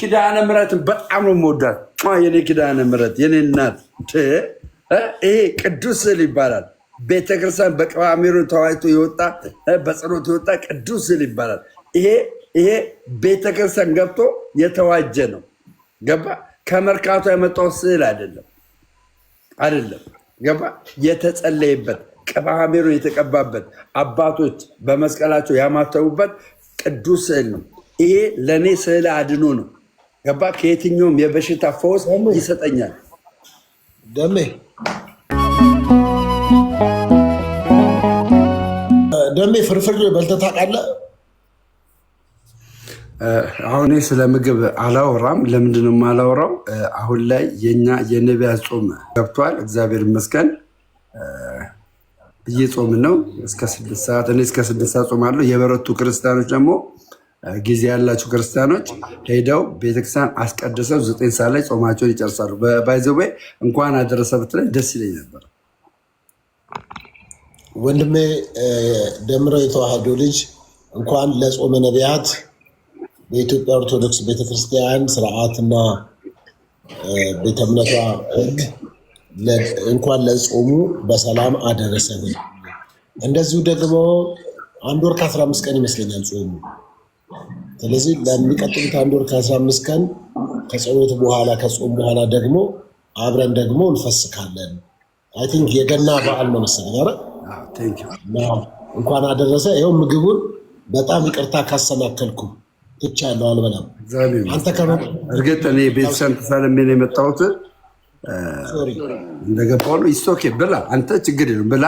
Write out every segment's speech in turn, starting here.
ኪዳነ ምሕረትን በጣም ነው የምወዳት። የኔ ኪዳነ ምሕረት የኔ እናት፣ ይሄ ቅዱስ ስዕል ይባላል። ቤተክርስቲያን በቀባሚሩ ተዋይቶ የወጣ በጸሎት የወጣ ቅዱስ ስዕል ይባላል። ይሄ ይሄ ቤተክርስቲያን ገብቶ የተዋጀ ነው። ገባ ከመርካቶ የመጣው ስዕል አይደለም፣ አይደለም። ገባ የተጸለይበት ቀባሚሩ የተቀባበት አባቶች በመስቀላቸው ያማተቡበት ቅዱስ ስዕል ነው። ይሄ ለእኔ ስዕል አድኖ ነው። ገባ ከየትኛውም የበሽታ ፈውስ ይሰጠኛል። ደሜ ደሜ ፍርፍር በልተህ ታውቃለህ? አሁን እኔ ስለ ምግብ አላወራም። ለምንድነው የማላወራው? አሁን ላይ የኛ የነቢያት ጾም ገብቷል። እግዚአብሔር ይመስገን እየጾምን ነው። እስከ ስድስት ሰዓት እኔ እስከ ስድስት ሰዓት ጾም አለው። የበረቱ ክርስቲያኖች ደግሞ ጊዜ ያላቸው ክርስቲያኖች ሄደው ቤተክርስቲያን አስቀድሰው ዘጠኝ ሰዓት ላይ ጾማቸውን ይጨርሳሉ። ባይዘዌ እንኳን አደረሰ ብትለኝ ደስ ይለኝ ነበር። ወንድሜ ደምረው የተዋህዶ ልጅ እንኳን ለጾመ ነቢያት በኢትዮጵያ ኦርቶዶክስ ቤተክርስቲያን ስርዓትና ቤተ እምነቷ ሕግ እንኳን ለጾሙ በሰላም አደረሰን። እንደዚሁ ደግሞ አንድ ወር ከአስራ አምስት ቀን ይመስለኛል ጾሙ ስለዚህ ለሚቀጥሉት አንድ ወር ከአስራ አምስት ቀን ከጸሎት በኋላ ከጾም በኋላ ደግሞ አብረን ደግሞ እንፈስካለን። አይ ቲንክ የገና በዓል ነው መሰለኝ። አረ እንኳን አደረሰ። ይኸው ምግቡን በጣም ይቅርታ ካሰናከልኩ ትቻለሁ፣ አልበላም። አንተ እርግጥ እኔ ቤተሰብ ተሳለሜ ነው የመጣሁት እንደገባሁ ነው። ይስቶኬ ብላ፣ አንተ ችግር የለም ብላ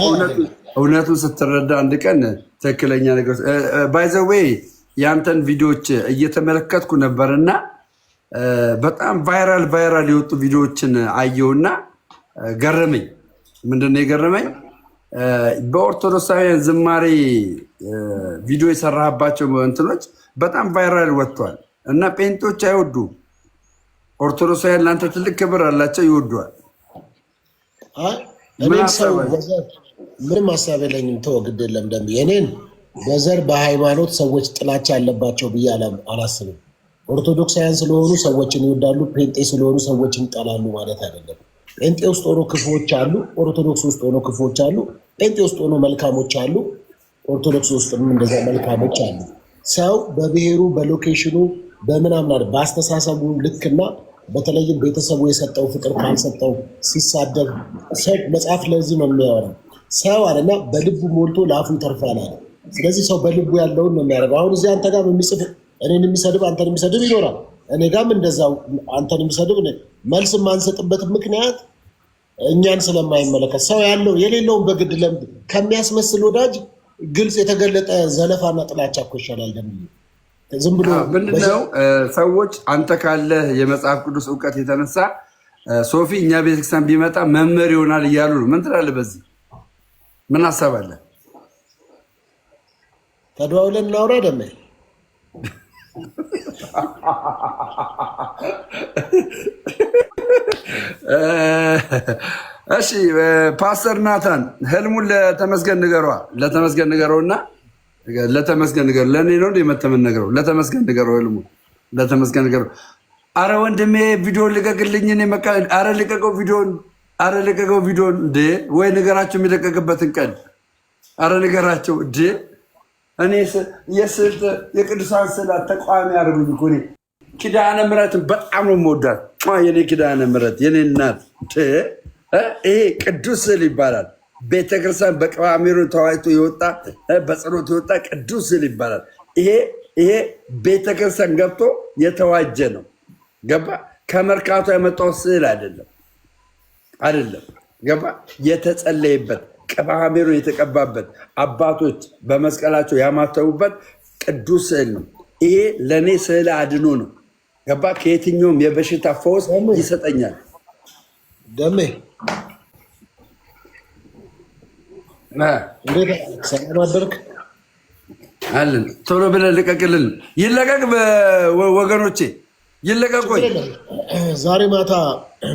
ሰውነት እውነቱን ስትረዳ አንድ ቀን ትክክለኛ ነገር ባይዘዌይ የአንተን ቪዲዮዎች እየተመለከትኩ ነበርና በጣም ቫይራል ቫይራል የወጡ ቪዲዮዎችን አየውና ገረመኝ። ምንድን ነው የገረመኝ? በኦርቶዶክሳውያን ዝማሬ ቪዲዮ የሰራህባቸው እንትኖች በጣም ቫይራል ወጥቷል እና ጴንጦች አይወዱም። ኦርቶዶክሳውያን ለአንተ ትልቅ ክብር አላቸው፣ ይወዷል። ምንም ሀሳብ የለኝም። ተወ ግድ የለም ደም የኔን በዘር በሃይማኖት ሰዎች ጥላቻ ያለባቸው ብዬ አላስብም። ኦርቶዶክሳውያን ስለሆኑ ሰዎችን ይወዳሉ፣ ጴንጤ ስለሆኑ ሰዎችን ይጠላሉ ማለት አይደለም። ጴንጤ ውስጥ ሆኖ ክፉዎች አሉ፣ ኦርቶዶክስ ውስጥ ሆኖ ክፉዎች አሉ፣ ጴንጤ ውስጥ ሆኖ መልካሞች አሉ፣ ኦርቶዶክስ ውስጥም እንደዛ መልካሞች አሉ። ሰው በብሔሩ በሎኬሽኑ በምናምን በአስተሳሰቡ ልክና በተለይም ቤተሰቡ የሰጠው ፍቅር ካልሰጠው ሲሳደብ ሰው መጽሐፍ ለዚህ ነው የሚያወራው ሰው አለና በልቡ ሞልቶ ለአፉ ይተርፋል አለ። ስለዚህ ሰው በልቡ ያለውን ነው የሚያደርገው። አሁን እዚህ አንተ ጋር የሚጽፍ እኔን የሚሰድብ አንተን የሚሰድብ ይኖራል። እኔ ጋም እንደዛው አንተን የሚሰድብ መልስ የማንሰጥበት ምክንያት እኛን ስለማይመለከት ሰው ያለው የሌለውን በግድ ለምድ ከሚያስመስል ወዳጅ ግልጽ የተገለጠ ዘለፋና ጥላቻ እኮ ይሻላል። ደ ዝም ብሎ ምንድነው ሰዎች አንተ ካለ የመጽሐፍ ቅዱስ እውቀት የተነሳ ሶፊ እኛ ቤተክርስቲያን ቢመጣ መምህር ይሆናል እያሉ ነው። ምን ትላለህ በዚህ ምን ሀሳብ አለ? ተደዋውለን እናውራ። ደሜ እሺ፣ ፓስተር ናታን ህልሙን ለተመስገን ንገሯ። ለተመስገን ንገረው እና ለተመስገን ንገሩ። ለእኔ ነው እንደ መተመን ነገረው። ለተመስገን ንገረው ህልሙን። ለተመስገን ንገረው። አረ ወንድሜ ቪዲዮ ልቀቅልኝን። አረ ልቀቀው ቪዲዮን አረ ለቀቀው ቪዲዮን እንዴ! ወይ ነገራቸው የሚለቀቅበትን ቀን አረ ነገራቸው እንዴ! እኔ የስልት የቅዱሳን ስላት ተቋሚ ያደርጉኝ እኮ እኔ ኪዳነ ምሕረትን በጣም ነው የምወዳት። የኔ ኪዳነ ምሕረት የኔ እናት ይሄ ቅዱስ ስል ይባላል። ቤተክርስቲያን በቀባሚሩ ተዋይቶ የወጣ በጸሎት የወጣ ቅዱስ ስል ይባላል። ይሄ ይሄ ቤተክርስቲያን ገብቶ የተዋጀ ነው። ገባ ከመርካቶ የመጣው ስዕል አይደለም። አይደለም ገባ የተጸለየበት ቅባሜሮ የተቀባበት አባቶች በመስቀላቸው ያማተቡበት ቅዱስ ስዕል ነው። ይሄ ለእኔ ስዕል አድኖ ነው። ገባ ከየትኛውም የበሽታ ፈውስ ይሰጠኛል። ደሜ አለን። ቶሎ ብለን ልቀቅልን። ይለቀቅ ወገኖቼ። ይለቀቁ። ዛሬ ማታ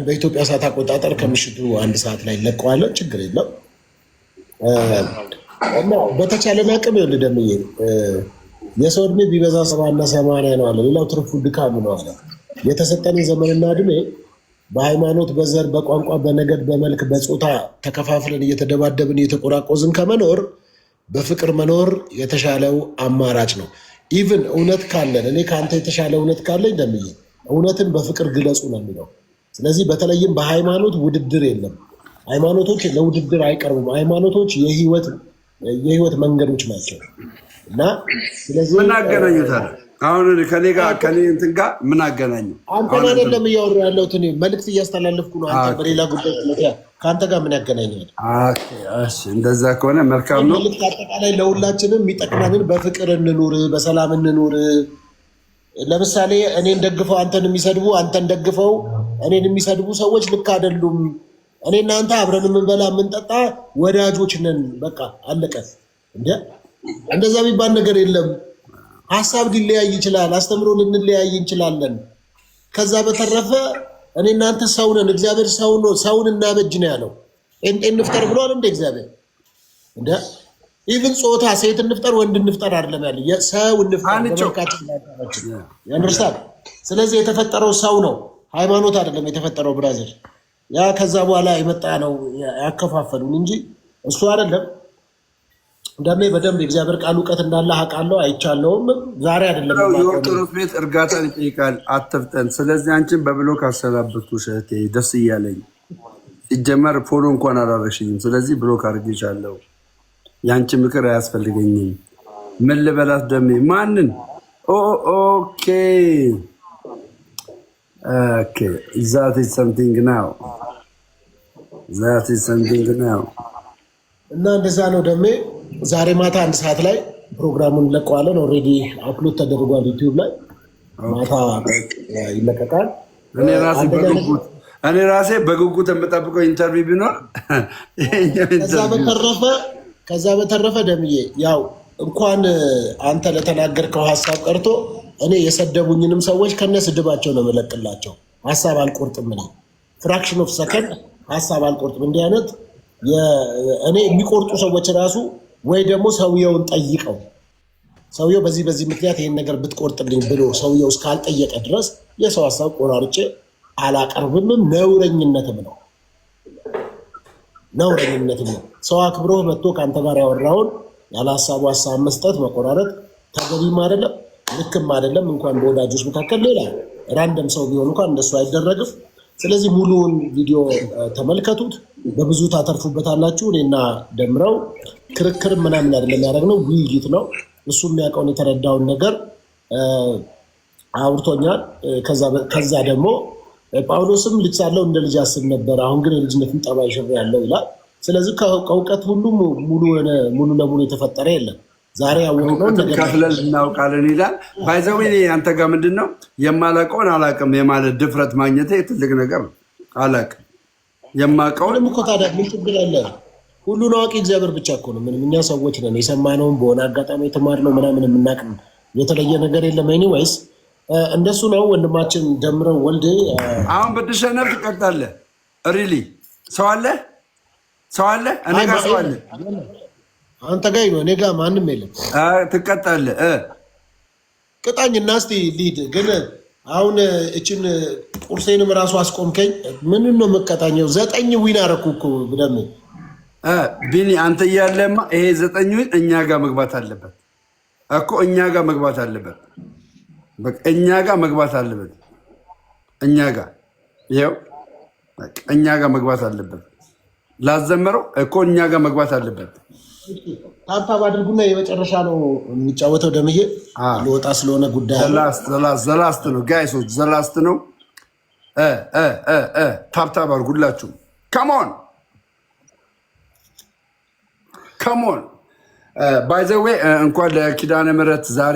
በኢትዮጵያ ሰዓት አቆጣጠር ከምሽቱ አንድ ሰዓት ላይ ለቀዋለን። ችግር የለም እና በተቻለን አቅም ይኸውልህ ደምዬ የሰው እድሜ ቢበዛ ሰባና ሰማንያ ነው አለ። ሌላው ትርፉ ድካም ነው አለ። የተሰጠን ዘመንና እድሜ በሃይማኖት፣ በዘር፣ በቋንቋ፣ በነገድ፣ በመልክ፣ በፆታ ተከፋፍለን እየተደባደብን እየተቆራቆዝን ከመኖር በፍቅር መኖር የተሻለው አማራጭ ነው። ኢቭን እውነት ካለን እኔ ከአንተ የተሻለ እውነት ካለኝ ደምዬ እውነትን በፍቅር ግለጹ ነው የሚለው። ስለዚህ በተለይም በሃይማኖት ውድድር የለም። ሃይማኖቶች ለውድድር አይቀርቡም። ሃይማኖቶች የህይወት መንገዶች ናቸው እና ስለዚህ አሁን ከኔ ጋር ከኔ እንትን ጋር ምን አገናኘው? አንተን አይደለም እያወሩ ያለሁት እኔ መልዕክት እያስተላለፍኩ ነው። አንተ በሌላ ጉዳይ ከአንተ ጋር ምን ያገናኛል? እንደዛ ከሆነ መልካም ነው። መልዕክት አጠቃላይ ለሁላችንም የሚጠቅመንን በፍቅር እንኑር፣ በሰላም እንኑር። ለምሳሌ እኔን ደግፈው አንተን የሚሰድቡ አንተን ደግፈው እኔን የሚሰድቡ ሰዎች ልክ አይደሉም። እኔ እናንተ አብረን የምንበላ የምንጠጣ ወዳጆች ነን። በቃ አለቀ። እንደዛ የሚባል ነገር የለም። ሀሳብ ሊለያይ ይችላል። አስተምሮ ልንለያይ እንችላለን። ከዛ በተረፈ እኔ እናንተ ሰው ነን፣ እግዚአብሔር ሰው ነው፣ ሰውን እናበጅ ነው ያለው። ጴንጤ እንፍጠር ብሏል እንደ እግዚአብሔር እንደ ኢቭን ጾታ ሴት እንፍጠር ወንድ እንፍጠር አይደለም ያለ የሰው እንፍጠር። ስለዚህ የተፈጠረው ሰው ነው፣ ሃይማኖት አይደለም የተፈጠረው ብራዘር። ያ ከዛ በኋላ የመጣ ነው ያከፋፈሉን እንጂ እሱ አይደለም። ደሜ በደንብ እግዚአብሔር ቃል እውቀት እንዳለ አውቃለሁ፣ አይቻለውም። ዛሬ አይደለም የኦርቶዶክስ ቤት እርጋታን ይጠይቃል። አትፍጠን። ስለዚህ አንቺን በብሎክ አሰናብቱ። እህቴ ደስ እያለኝ ሲጀመር ፎሎ እንኳን አላረግሽኝም። ስለዚህ ብሎክ አድርጌሻለሁ። የአንቺ ምክር አያስፈልገኝም። ምን ልበላት ደሜ? ማንን? ኦኬ ኦኬ ዛት ኢዝ ሰምቲንግ ናው ዛት ኢዝ ሰምቲንግ ናው እና እንደዛ ነው ደሜ ዛሬ ማታ አንድ ሰዓት ላይ ፕሮግራሙን እንለቀዋለን። ኦልሬዲ አፕሎድ ተደርጓል ዩቲዩብ ላይ ማታ ይለቀቃል። እኔ ራሴ በጉጉት የምጠብቀው ኢንተርቪው ቢኖር። ከዛ በተረፈ ደምዬ ያው እንኳን አንተ ለተናገርከው ሀሳብ ቀርቶ እኔ የሰደቡኝንም ሰዎች ከነ ስድባቸው ነው መለቅላቸው። ሀሳብ አልቆርጥም ነ ፍራክሽን ኦፍ ሰከንድ ሀሳብ አልቆርጥም። እንዲህ አይነት እኔ የሚቆርጡ ሰዎች ራሱ ወይ ደግሞ ሰውየውን ጠይቀው ሰውየው በዚህ በዚህ ምክንያት ይህን ነገር ብትቆርጥልኝ ብሎ ሰውየው እስካልጠየቀ ድረስ የሰው ሀሳብ ቆራርጬ አላቀርብምም። ነውረኝነትም ነው ነውረኝነትም ነው። ሰው አክብሮ መጥቶ ከአንተ ጋር ያወራውን ያለ ሀሳቡ ሀሳብ መስጠት መቆራረጥ ተገቢም አይደለም፣ ልክም አይደለም። እንኳን በወዳጆች መካከል ሌላ ራንደም ሰው ቢሆን እንኳን እንደሱ አይደረግም። ስለዚህ ሙሉውን ቪዲዮ ተመልከቱት፣ በብዙ ታተርፉበታላችሁ። እኔና ደምረው ክርክር ምናምን አይደለም ያደረግነው ውይይት ነው። እሱ የሚያውቀውን የተረዳውን ነገር አውርቶኛል። ከዛ ደግሞ ጳውሎስም ልጅ ሳለው እንደ ልጅ አስብ ነበር፣ አሁን ግን የልጅነትን ጠባይ ሽር ያለው ይላል። ስለዚህ ከእውቀት ሁሉም ሙሉ ለሙሉ የተፈጠረ የለም። ዛሬ ያወቅነው ከፍለን እናውቃለን ይላል። ባይዘዌ አንተ ጋር ምንድን ነው የማላውቀውን አላውቅም የማለት ድፍረት ማግኘት ትልቅ ነገር ነው። አላውቅም የማውቀውን እኮ ታዲያ ምን ችግር አለ? ሁሉን አዋቂ እግዚአብሔር ብቻ እኮ ነው። ምንም እኛ ሰዎች ነን። የሰማነውን በሆነ አጋጣሚ የተማርነው ምናምን የምናውቅ የተለየ ነገር የለም። ኤኒዌይስ እንደሱ ነው ወንድማችን ደምረው ወልድ። አሁን ብትሸነፍ ትቀጣለህ። ሪሊ ሰው አለ ሰው አለ እኔ ጋር ሰው አለ አንተ ጋይ ነው፣ እኔ ጋር ማንም የለም። ትቀጣለህ። ቅጣኝና እስኪ ሊድ ግን አሁን እችን ቁርሴንም እራሱ አስቆምከኝ። ምን ነው መቀጣኘው? ዘጠኝ ዊን አደረኩ እኮ ብደም ቢኒ፣ አንተ እያለማ ይሄ ዘጠኝ ዊን እኛ ጋር መግባት አለበት እኮ እኛ ጋር መግባት አለበት። እኛ ጋር መግባት አለበት። እኛ ጋር ይኸው እኛ ጋር መግባት አለበት። ላዘመረው እኮ እኛ ጋር መግባት አለበት። ታብታብ አድርጉና የመጨረሻ ነው የሚጫወተው። ደምዬ ልወጣ ስለሆነ ጉዳይ ዘላስት ነው ጋይሶች፣ ዘላስት ነው። ታብታብ አድርጉላችሁ። ከሞን ከሞን ባይዘዌ እንኳን ለኪዳነ ምሕረት ዛሬ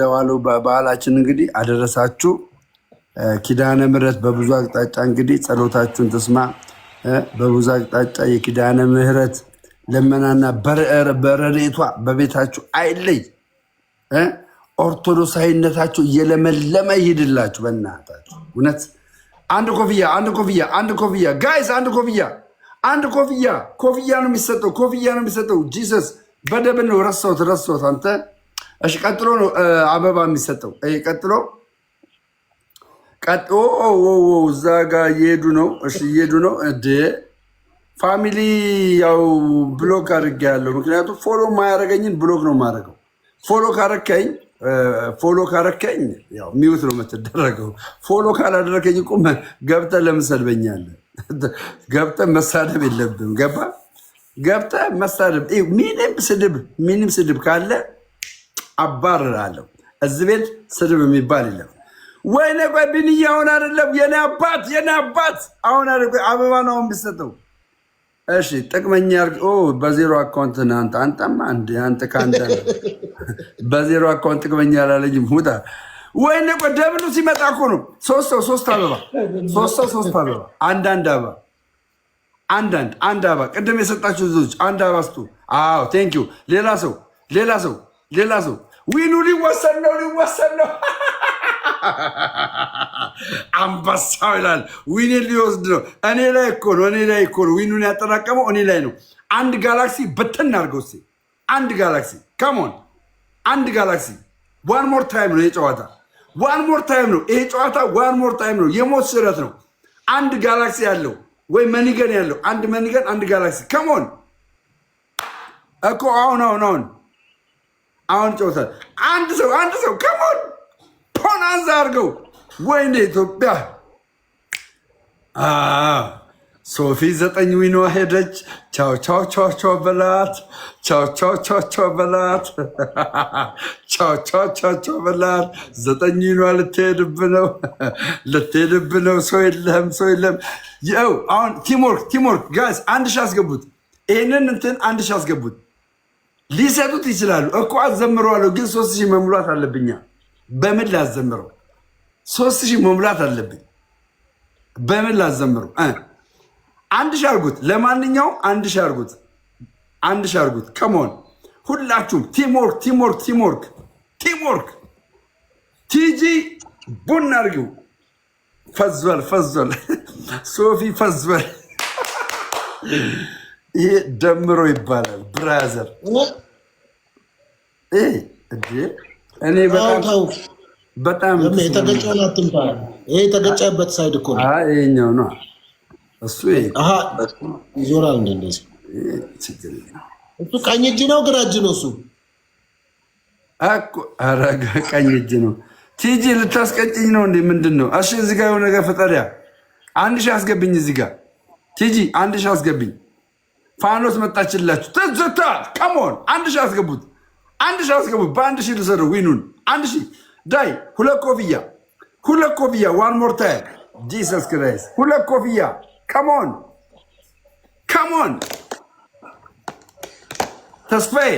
ለዋለው በዓላችን እንግዲህ አደረሳችሁ። ኪዳነ ምሕረት በብዙ አቅጣጫ እንግዲህ ጸሎታችሁን ትስማ። በብዙ አቅጣጫ የኪዳነ ምሕረት ለመናና በረሬቷ በቤታችሁ አይለይ። ኦርቶዶክሳዊነታችሁ እየለመለመ ይሄድላችሁ በእናታችሁ እውነት አንድ ኮፍያ አንድ ኮፍያ አንድ ኮፍያ ጋይስ አንድ ኮፍያ አንድ ኮፍያ ኮፍያ ነው የሚሰጠው፣ ኮፍያ ነው የሚሰጠው። ጂሰስ በደብ ነው ረሳሁት፣ ረሰውት አንተ። እሺ ቀጥሎ ነው አበባ የሚሰጠው። ቀጥሎ ቀጥ እዛ ጋር እየሄዱ ነው፣ እየሄዱ ነው። ፋሚሊ ያው ብሎክ አድርጌ ያለው ምክንያቱም ፎሎ ማያደረገኝን ብሎክ ነው የማደርገው። ፎሎ ካረከኝ ፎሎ ካረከኝ ያው ሚውት ነው የምትደረገው። ፎሎ ካላደረከኝ እኮ ገብተህ ለምሰድበኛለህ። ገብተህ መሳደብ የለብህም። ገባ ገብተህ መሳደብ ምንም ስድብ ምንም ስድብ ካለ አባርራለሁ። እዚህ ቤት ስድብ የሚባል የለም። ወይኔ ቆይ ብንዬ አሁን አይደለም የኔ አባት የኔ አባት አሁን አበባ ነው የሚሰጠው እሺ ጥቅመኛ ኦ በዜሮ አካውንት ናንተ አንተም አንድ አንተ ካንተ በዜሮ አካውንት ጥቅመኛ አላለኝም። ሙታ ወይ ነው ደብሉ ሲመጣ እኮ ነው። ሶስት ሰው ሶስት አበባ ሶስት ሰው ሶስት አበባ አንዳንድ አበባ አንዳንድ አንድ አበባ ቅድም የሰጣችሁ ዞች አንድ አበባ ስጡ። አዎ ቴንኪዩ። ሌላ ሰው ሌላ ሰው ሌላ ሰው ዊኑ ሊወሰድ ነው ሊወሰድ ነው አንበሳው ይላል ዊኔ ሊወስድ ነው። እኔ ላይ እኮ ነው፣ እኔ ላይ እኮ ነው ዊኑን ያጠራቀመው እኔ ላይ ነው። አንድ ጋላክሲ በተን አድርገው አንድ ጋላክሲ ከሞን አንድ ጋላክሲ ዋን ሞር ታይም ነው የጨዋታ ዋን ሞር ታይም ነው ይሄ ጨዋታ፣ ዋን ሞር ታይም ነው የሞት ስረት ነው። አንድ ጋላክሲ ያለው ወይ መኒገን ያለው አንድ መኒገን አንድ ጋላክሲ ከሞን እኮ አሁን አሁን አሁን አሁን ጨውታል አንድ ሰው አንድ ሰው ከሞን ፖናንዛ አድርገው ወይኔ እንደ ኢትዮጵያ ሶፊ ዘጠኝ ዊኖ ሄደች። ቻው ቻው ቻው ቻው በላት፣ ቻው ቻው ቻው ቻው በላት፣ ቻው ቻው ቻው ቻው በላት። ዘጠኝ ዊኖ ልትሄድብ ነው፣ ልትሄድብ ነው። ሰው የለህም፣ ሰው የለህም። ይኸው አሁን ቲምወርክ፣ ቲሞርክ ቲሞርክ ጋይስ አንድ ሺህ አስገቡት። ይህንን እንትን አንድ ሺህ አስገቡት። ሊሰጡት ይችላሉ እኮ አዘምረዋለሁ፣ ግን ሶስት ሺ መሙላት አለብኛ በምን ላዘምረው? ሶስት ሺህ መሙላት አለብኝ። በምን ላዘምረው? አንድ ሺህ አድርጉት። ለማንኛውም አንድ ሺህ አድርጉት። አንድ ሺህ አድርጉት። ከመሆን ሁላችሁም ቲምወርክ ቲምወርክ ቲምወርክ ቲምወርክ ቲጂ ቡና አድርጊው። ፈዟል ፈዟል። ሶፊ ፈዟል። ይሄ ደምሮ ይባላል ብራዘር እኔ በጣም በጣም የተገጨውን አትምታ። ይሄ የተገጨበት ሳይድ እኮ ነው። ይሄኛው ነው እሱ ይዞራል። እንደዚህ እሱ ቀኝ እጅ ነው ግራ እጅ ነው? እሱ አረጋ ቀኝ እጅ ነው። ቲጂ ልታስቀጭኝ ነው እንዴ? ምንድን ነው? እሺ እዚህ ጋር የሆነ ነገር ፈጠሪያ አንድ ሺህ አስገብኝ። እዚህ ጋር ቲጂ አንድ ሺህ አስገብኝ። ፋኖስ መጣችላችሁ ተዘታ። ቀሞን አንድ ሺህ አስገቡት። አንድ ሺ አስገቡ። በአንድ ሺ ልሰሩ ዊኑን አንድ ሺ ዳይ ሁለት ኮፍያ ሁለት ኮፍያ ዋን ሞር ታይም ጂሰስ ክራይስት ሁለት ኮፍያ ከሞን ከሞን ተስፋዬ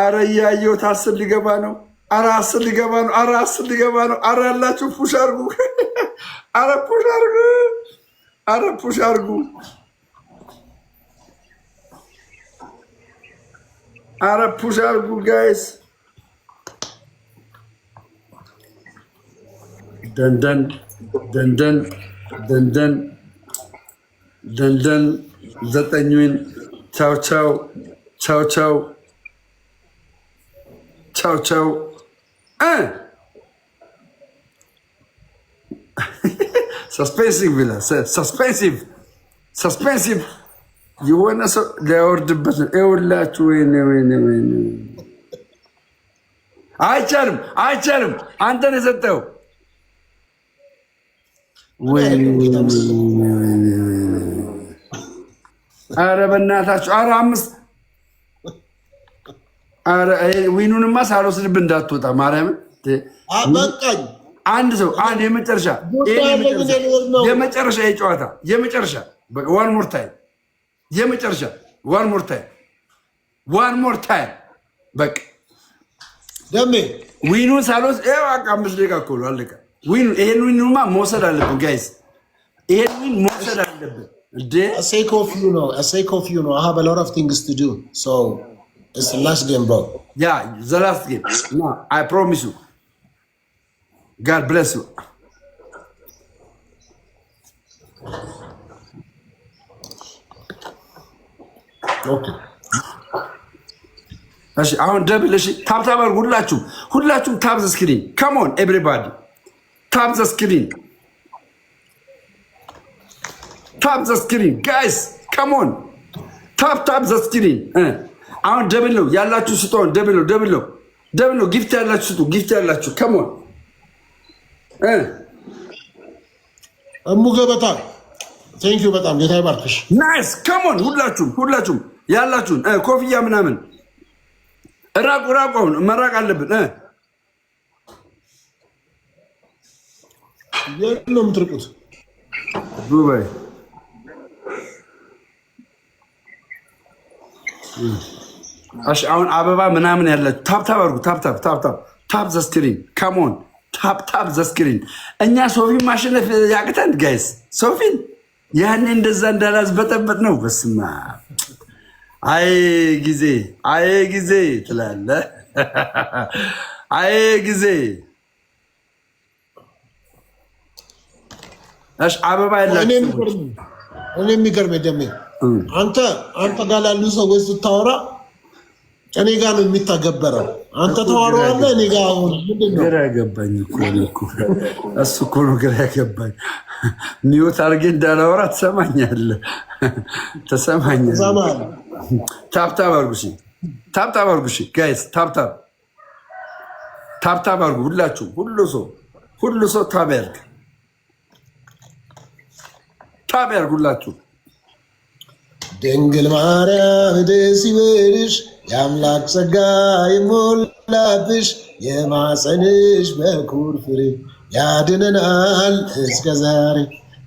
አረ እያየሁት አስር ሊገባ ነው። አረ አስር ሊገባ ነው። አረ አስር ሊገባ ነው። አረ ያላችሁ ፑሽ አርጉ። አረ ፑሽ አርጉ። አረ ፑሽ አርጉ። Arab push out, good guys. Then, then, then, then, then, then, then, then. That I knew in ciao, ciao, ciao, ciao, ciao, ciao. Eh? Suspensive, ይላል። Suspensive. Suspensive. የሆነ ሰው ሊያወርድበት ነው። ይኸውላችሁ ወይኔ ወይኔ ወይኔ አይቻልም፣ አይቻልም። አንተን የሰጠው አረ በእናታችሁ አረ አምስት አረ ዊኑንማ ሳልወስድብ እንዳትወጣ ማርያምን በቃኝ። አንድ ሰው አንድ የመጨረሻ የመጨረሻ የጨዋታ የመጨረሻ ዋን ሞር ታይም የመጨረሻ ዋን ሞር ታይም ዋን ሞር ታይም በቃ ደሜ ዊኑን ሳሎስ አምስት ደቂቃ እኮ ነው አለቀ። ይሄን ዊኑማ መውሰድ አለብን ጋይስ፣ ይሄን ዊን መውሰድ አለብን። ያ ጌም ፕሮሚስ ዩ ጋድ ብለስ ዩ እሺ አሁን ደብል እሺ፣ ታብታበር ታብ አድርጉ። ሁላችሁም ሁላችሁም ታብ ስክሪን ከሞን ኤቭሪባዲ ታብዝ ስክሪን ታብዝ ስክሪን ጋይስ ከሞን ታብ ታብ ዘ ስክሪን። አሁን ደብል ነው ያላችሁ ስጡ። አሁን ደብል ነው ደብል ነው ደብል ነው። ጊፍት ያላችሁ ስጡ። ጊፍት ያላችሁ ከሞን እሙ ገበታ ቴንክ በጣም ጌታ ይባርክሽ። ናይስ ከሞን ሁላችሁም ሁላችሁም ያላችሁን ኮፍያ ምናምን እራቁ ራቁ። አሁን መራቅ አለብን። ነው የምትርቁት ዱባይ እሺ አሁን አበባ ምናምን ያለ ታፕ ታፕ አድርጉ። ታፕ ታፕ ታፕ ታፕ ታፕ ዘ ስክሪን ካም ኦን ዘ ስክሪን። እኛ ሶፊን ማሸነፍ ያቅተን ጋይስ ሶፊን ያኔ እንደዛ እንዳላስበጠበጥ ነው። በስማ አይ ጊዜ አይ ጊዜ ትላለ አይ ጊዜ እሺ፣ አበባ ያላችሁ እኔ የሚገርመኝ ደሜ አንተ አንተ ጋር ላሉ ሰዎች ስታወራ እኔ ጋር ነው የሚታገበረው። አንተ ተዋረዋለ እኔ ጋ አሁን ግራ ያገባኝ እኮ እኮ እሱ እኮ ነው ግራ ያገባኝ። ኒዮት አድርጌ እንዳላወራ ትሰማኛለህ፣ ተሰማኛ ታብታብ አድርጉ፣ ታብታብ አድርጉ፣ ጋይስ ታብታብ ታብታብ አርጉ ሁላችሁ ሁሉ ሰው ሁሉ ሰው ታብ ያርግ፣ ታብ ያርጉላችሁ። ድንግል ማርያም ደስ ይበልሽ የአምላክ ጸጋ ይሞላብሽ የማፀንሽ በኩር ፍሬ ያድነናል እስከ ዛሬ።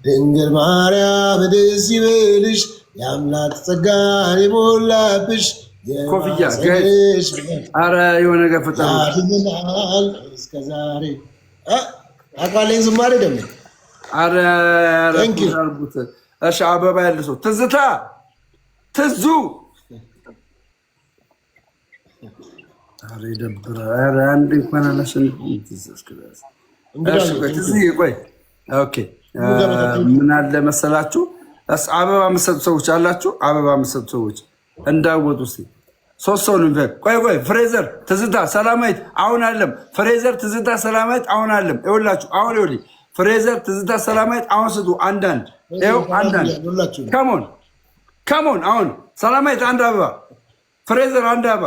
ድንግል ማርያም ደስ ይበልሽ የአምላክ ጸጋ የሞላብሽ ኮፍያ የሆነ ነገር ፍጠሩ ያድነናል እስከ ዛሬ። አቋሌን ዝማሬ ደግሞ ኧረ ኧረ አበባ ያለ ሰው ትዝታ ትዙ ይደብራል። አንድ እንኳን አላሸንፍም። ምን አለ መሰላችሁ፣ አበባ የምትሰጡ ሰዎች አላችሁ። አበባ የምትሰጡ ሰዎች እንዳወጡ ሲ ሶስት ሰው ልንፈቅ። ቆይ ቆይ፣ ፍሬዘር ትዝታ ሰላማዊት አሁን አለም። ፍሬዘር ትዝታ ሰላማዊት አሁን አለም። ይኸውላችሁ አሁን ይኸውልኝ፣ ፍሬዘር ትዝታ ሰላማዊት አሁን ስጡ። አንዳንድ ይኸው አንዳንድ ከሞን ከሞን አሁን ሰላማዊት አንድ አበባ፣ ፍሬዘር አንድ አበባ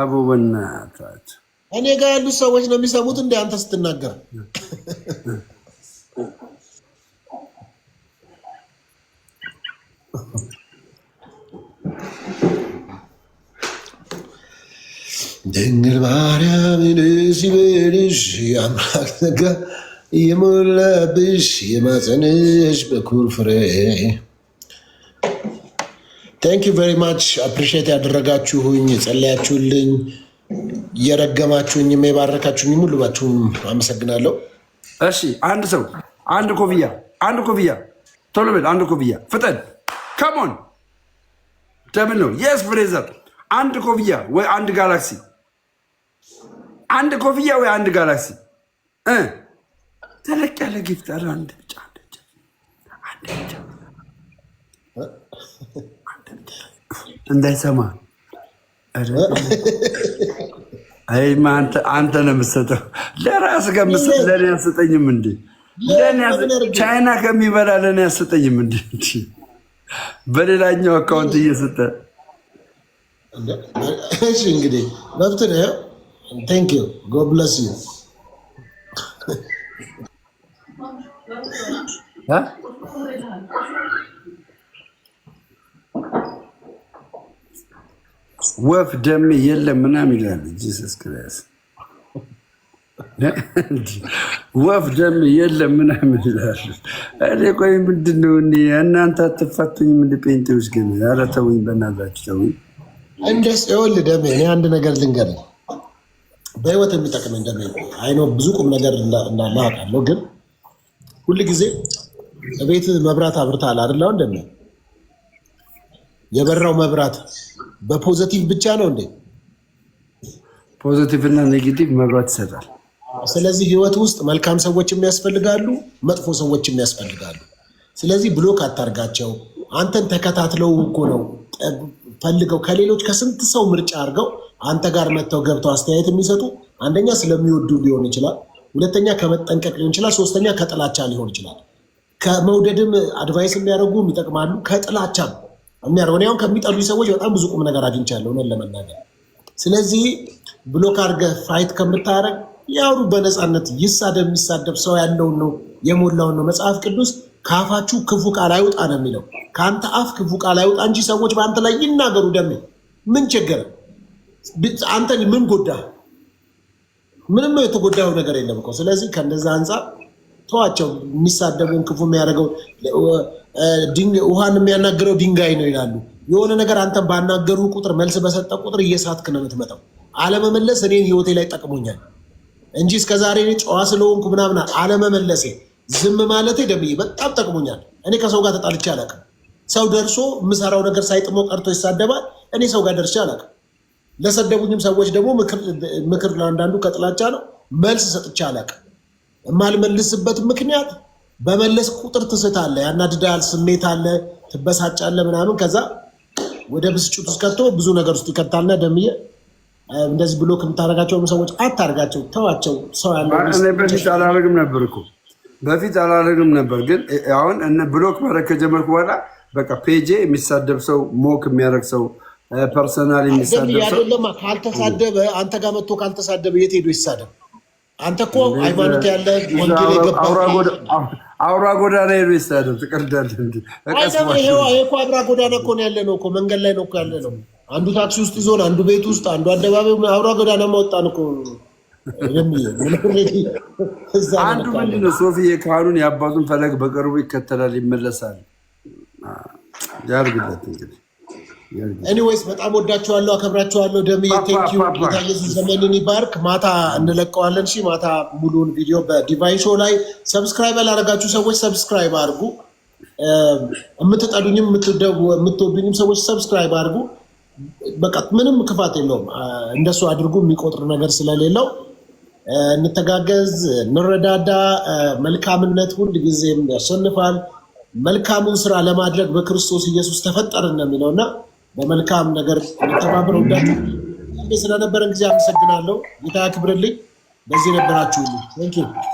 አቡ በእናትህ እኔ ጋር ያሉት ሰዎች ነው የሚሰሙት። እንደ አንተ ስትናገር ድንግል ማርያምን ሲበልሽ አምላክ ጸጋ የሞላብሽ የማፀንሽ በኩር ፍሬ ቴንክ ዩ ቨሪ ማች አፕሪሺየት ያደረጋችሁኝ የጸለያችሁልኝ፣ የረገማችሁኝም የባረካችሁኝ ሁላችሁም አመሰግናለሁ። እሺ አንድ ሰው አንድ ኮፍያ አንድ ኮፍያ ቶሎ በል አንድ ኮፍያ ፍጠን። ከሞን ደብል ነው። የስ ፍሬዘር አንድ ኮፍያ ወይ አንድ ጋላክሲ አንድ ኮፍያ ወይ አንድ ጋላክሲ ተለቅ ያለ ጊፍት አንድ ብቻ አንድ ብቻ አንድ ብቻ እንዳይሰማ አንተ ነው የምትሰጠው። ለራስ ከምትሰጥ ለእኔ አትሰጠኝም እንዴ? ቻይና ከሚበላ ለእኔ አትሰጠኝም እንዴ? በሌላኛው አካውንት እየሰጠ እሺ፣ እንግዲህ መብት ነው። ቴንክ ዩ ጎድ ዩ ወፍ ደሜ የለም ምናምን ይላል። ጂሰስ ክርስ ወፍ ደሜ የለም ምናምን ይላል። እኔ ቆይ ምንድነው ነው እናንተ አትፋቱኝም? ምን ጴንጤዎች ግን ኧረ ተውኝ፣ በእናታችሁ ተውኝ። እንደስ ወል ደሜ እኔ አንድ ነገር ልንገር በህይወት የሚጠቅመኝ ደሜ አይኖ ብዙ ቁም ነገር እናማቃለሁ፣ ግን ጊዜ ቤት መብራት አብርታል አይደል? አሁን ደሜ የበራው መብራት በፖዘቲቭ ብቻ ነው እንዴ? ፖዘቲቭ እና ኔጌቲቭ መግባት ይሰጣል። ስለዚህ ህይወት ውስጥ መልካም ሰዎችም ያስፈልጋሉ፣ መጥፎ ሰዎችም የሚያስፈልጋሉ። ስለዚህ ብሎክ አታርጋቸው። አንተን ተከታትለው እኮ ነው ፈልገው ከሌሎች ከስንት ሰው ምርጫ አድርገው አንተ ጋር መጥተው ገብተው አስተያየት የሚሰጡ አንደኛ ስለሚወዱ ሊሆን ይችላል፣ ሁለተኛ ከመጠንቀቅ ሊሆን ይችላል፣ ሶስተኛ ከጥላቻ ሊሆን ይችላል። ከመውደድም አድቫይስ የሚያደርጉ ይጠቅማሉ፣ ከጥላቻም የሚያደርገው እኔ አሁን ከሚጠሉ ሰዎች በጣም ብዙ ቁም ነገር አግኝቻለሁ እውነት ለመናገር። ስለዚህ ብሎክ አድርገህ ፋይት ከምታደርግ ያሩ በነፃነት ይሳደብ የሚሳደብ ሰው ያለውን ነው የሞላውን ነው። መጽሐፍ ቅዱስ ከአፋችሁ ክፉ ቃል አይውጣ ነው የሚለው። ከአንተ አፍ ክፉ ቃል አይውጣ እንጂ ሰዎች በአንተ ላይ ይናገሩ ደሜ ምን ቸገረ አንተ ምን ጎዳ? ምንም የተጎዳው ነገር የለም እኮ። ስለዚህ ከእንደዛ አንጻር ተዋቸው የሚሳደበውን ክፉ የሚያደርገው ውሃን የሚያናገረው ድንጋይ ነው ይላሉ። የሆነ ነገር አንተ ባናገሩ ቁጥር መልስ በሰጠ ቁጥር እየሳትክ ነው የምትመጣው። አለመመለስ እኔን ህይወቴ ላይ ጠቅሞኛል እንጂ እስከዛሬ እኔ ጨዋ ስለሆንኩ ምናምን አለመመለሴ ዝም ማለቴ ደምዬ በጣም ጠቅሞኛል። እኔ ከሰው ጋር ተጣልቼ አላውቅም። ሰው ደርሶ የምሰራው ነገር ሳይጥሞ ቀርቶ ይሳደባል። እኔ ሰው ጋር ደርሼ አላውቅም። ለሰደቡኝም ሰዎች ደግሞ ምክር ለአንዳንዱ ከጥላቻ ነው መልስ ሰጥቼ አላውቅም። የማልመልስበት ምክንያት በመለስ ቁጥር ትስታለ፣ ያናድዳል፣ ስሜት አለ፣ ትበሳጫለ ምናምን ከዛ ወደ ብስጭት ውስጥ ከቶ ብዙ ነገር ውስጥ ይከታልና ደምዬ እንደዚህ ብሎ ከምታደርጋቸውም ሰዎች አታርጋቸው፣ ተዋቸው። ሰው ያለ በፊት አላደርግም ነበር እኮ በፊት አላደርግም ነበር፣ ግን አሁን እነ ብሎክ ማድረግ ከጀመርኩ በኋላ በቃ ፔጄ የሚሳደብ ሰው ሞክ የሚያደርግ ሰው ፐርሰናል የሚሳደብ ሰው ካልተሳደበ አንተ ጋር መጥቶ ካልተሳደበ የት ሄዶ ይሳደብ? አንተ እኮ ሃይማኖት ያለ ወንጌል የገባ አውራ ጎዳና ሄዶ ይሳደብ ትቀልዳለህ። ይሄኮ አውራ ጎዳና እኮ ነው ያለ ነው እኮ መንገድ ላይ ነው እኮ ያለ ነው። አንዱ ታክሲ ውስጥ ይዞን፣ አንዱ ቤት ውስጥ፣ አንዱ አደባባይ አውራ ጎዳና ማወጣን እኮ አንዱ ምንድን ነው ሶፊ የካህኑን የአባቱን ፈለግ በቅርቡ ይከተላል ይመለሳል። ያርግለት እንግዲህ ኤኒዌይስ በጣም ወዳችኋለሁ፣ አከብራችኋለሁ። ደምዬ ቴንኪዩ። ጌታ ኢየሱስ ዘመንን ይባርክ። ማታ እንለቀዋለን። እሺ ማታ ሙሉን ቪዲዮ በዲቫይሶ ላይ ሰብስክራይብ ያላረጋችሁ ሰዎች ሰብስክራይብ አድርጉ። የምትጠዱኝም የምትወዱኝም ሰዎች ሰብስክራይብ አድርጉ። በቃ ምንም ክፋት የለውም። እንደሱ አድርጉ፣ የሚቆጥር ነገር ስለሌለው እንተጋገዝ፣ እንረዳዳ። መልካምነት ሁል ጊዜም ያሸንፋል። መልካሙን ስራ ለማድረግ በክርስቶስ ኢየሱስ ተፈጠርን ነው የሚለውና በመልካም ነገር ተባብረ ወዳቸ ስለነበረን ጊዜ አመሰግናለሁ። ጌታ ያክብርልኝ። በዚህ ነበራችሁ።